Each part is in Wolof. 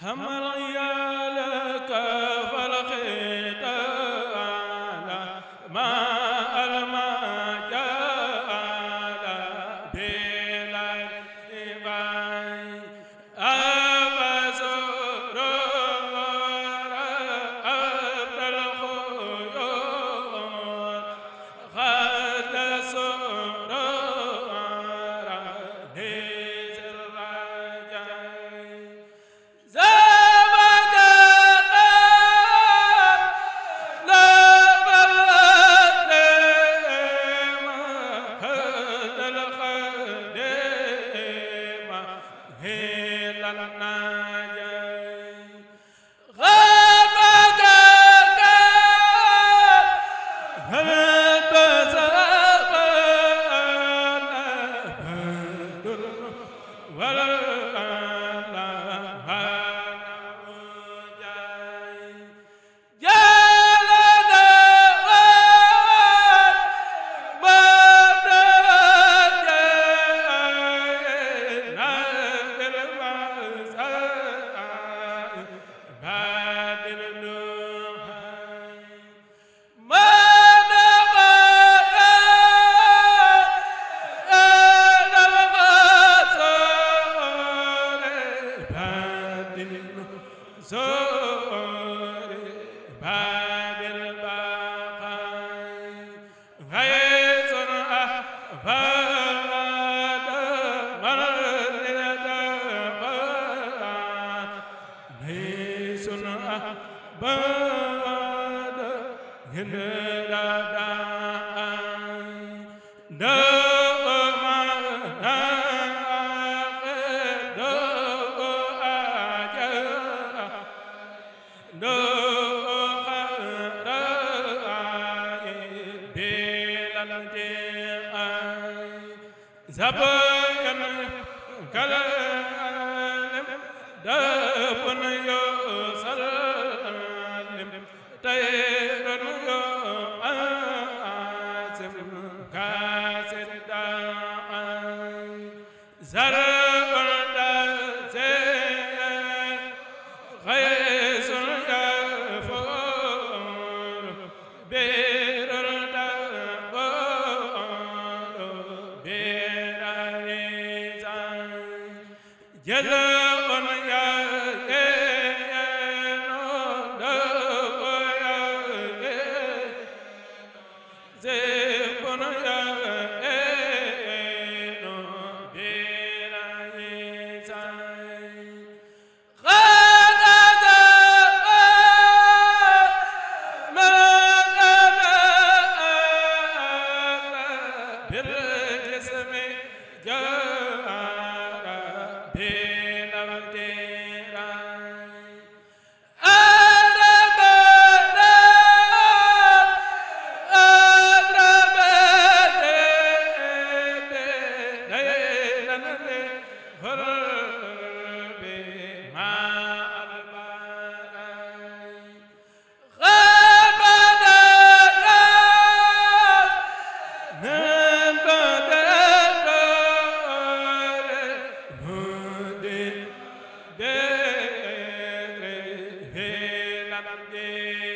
hamal ya Zabana kala dab na yo jala kanam de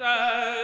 ta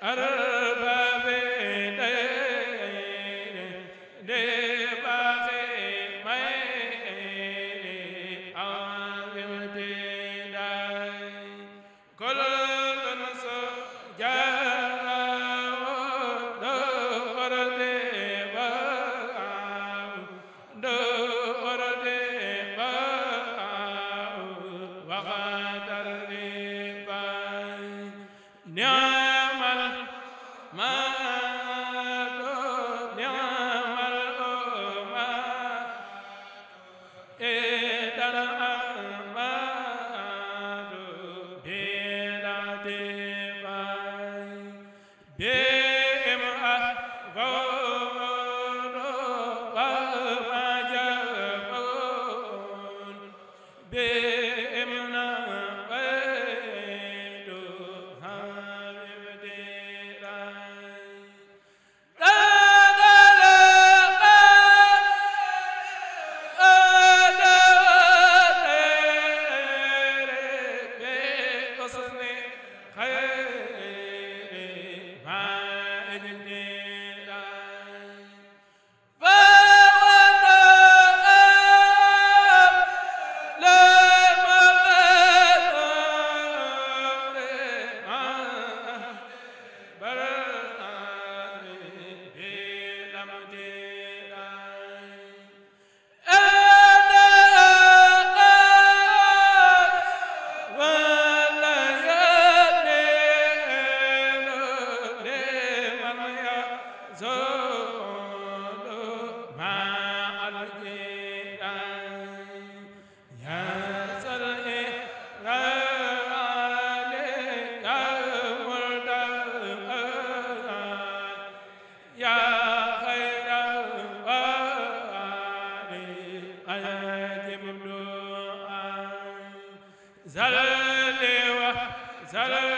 araba zalale wa zalale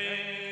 yaa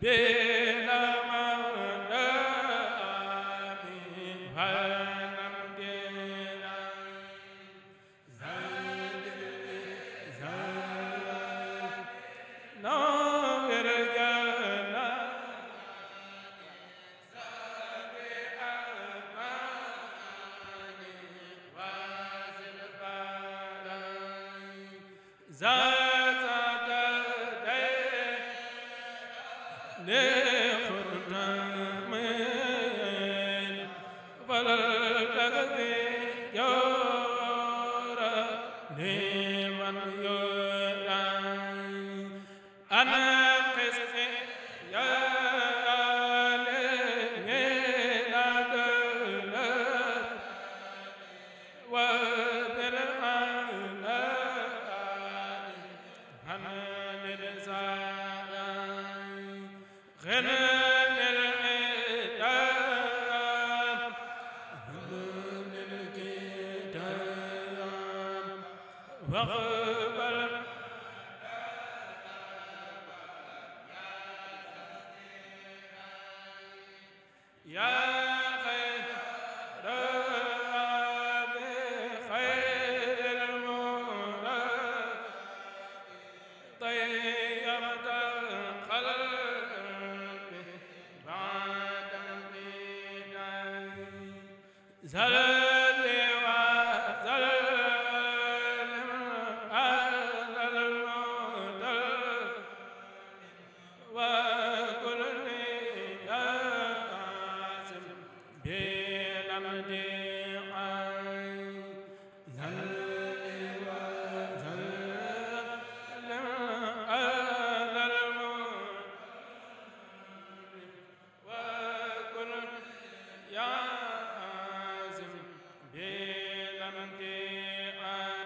be wa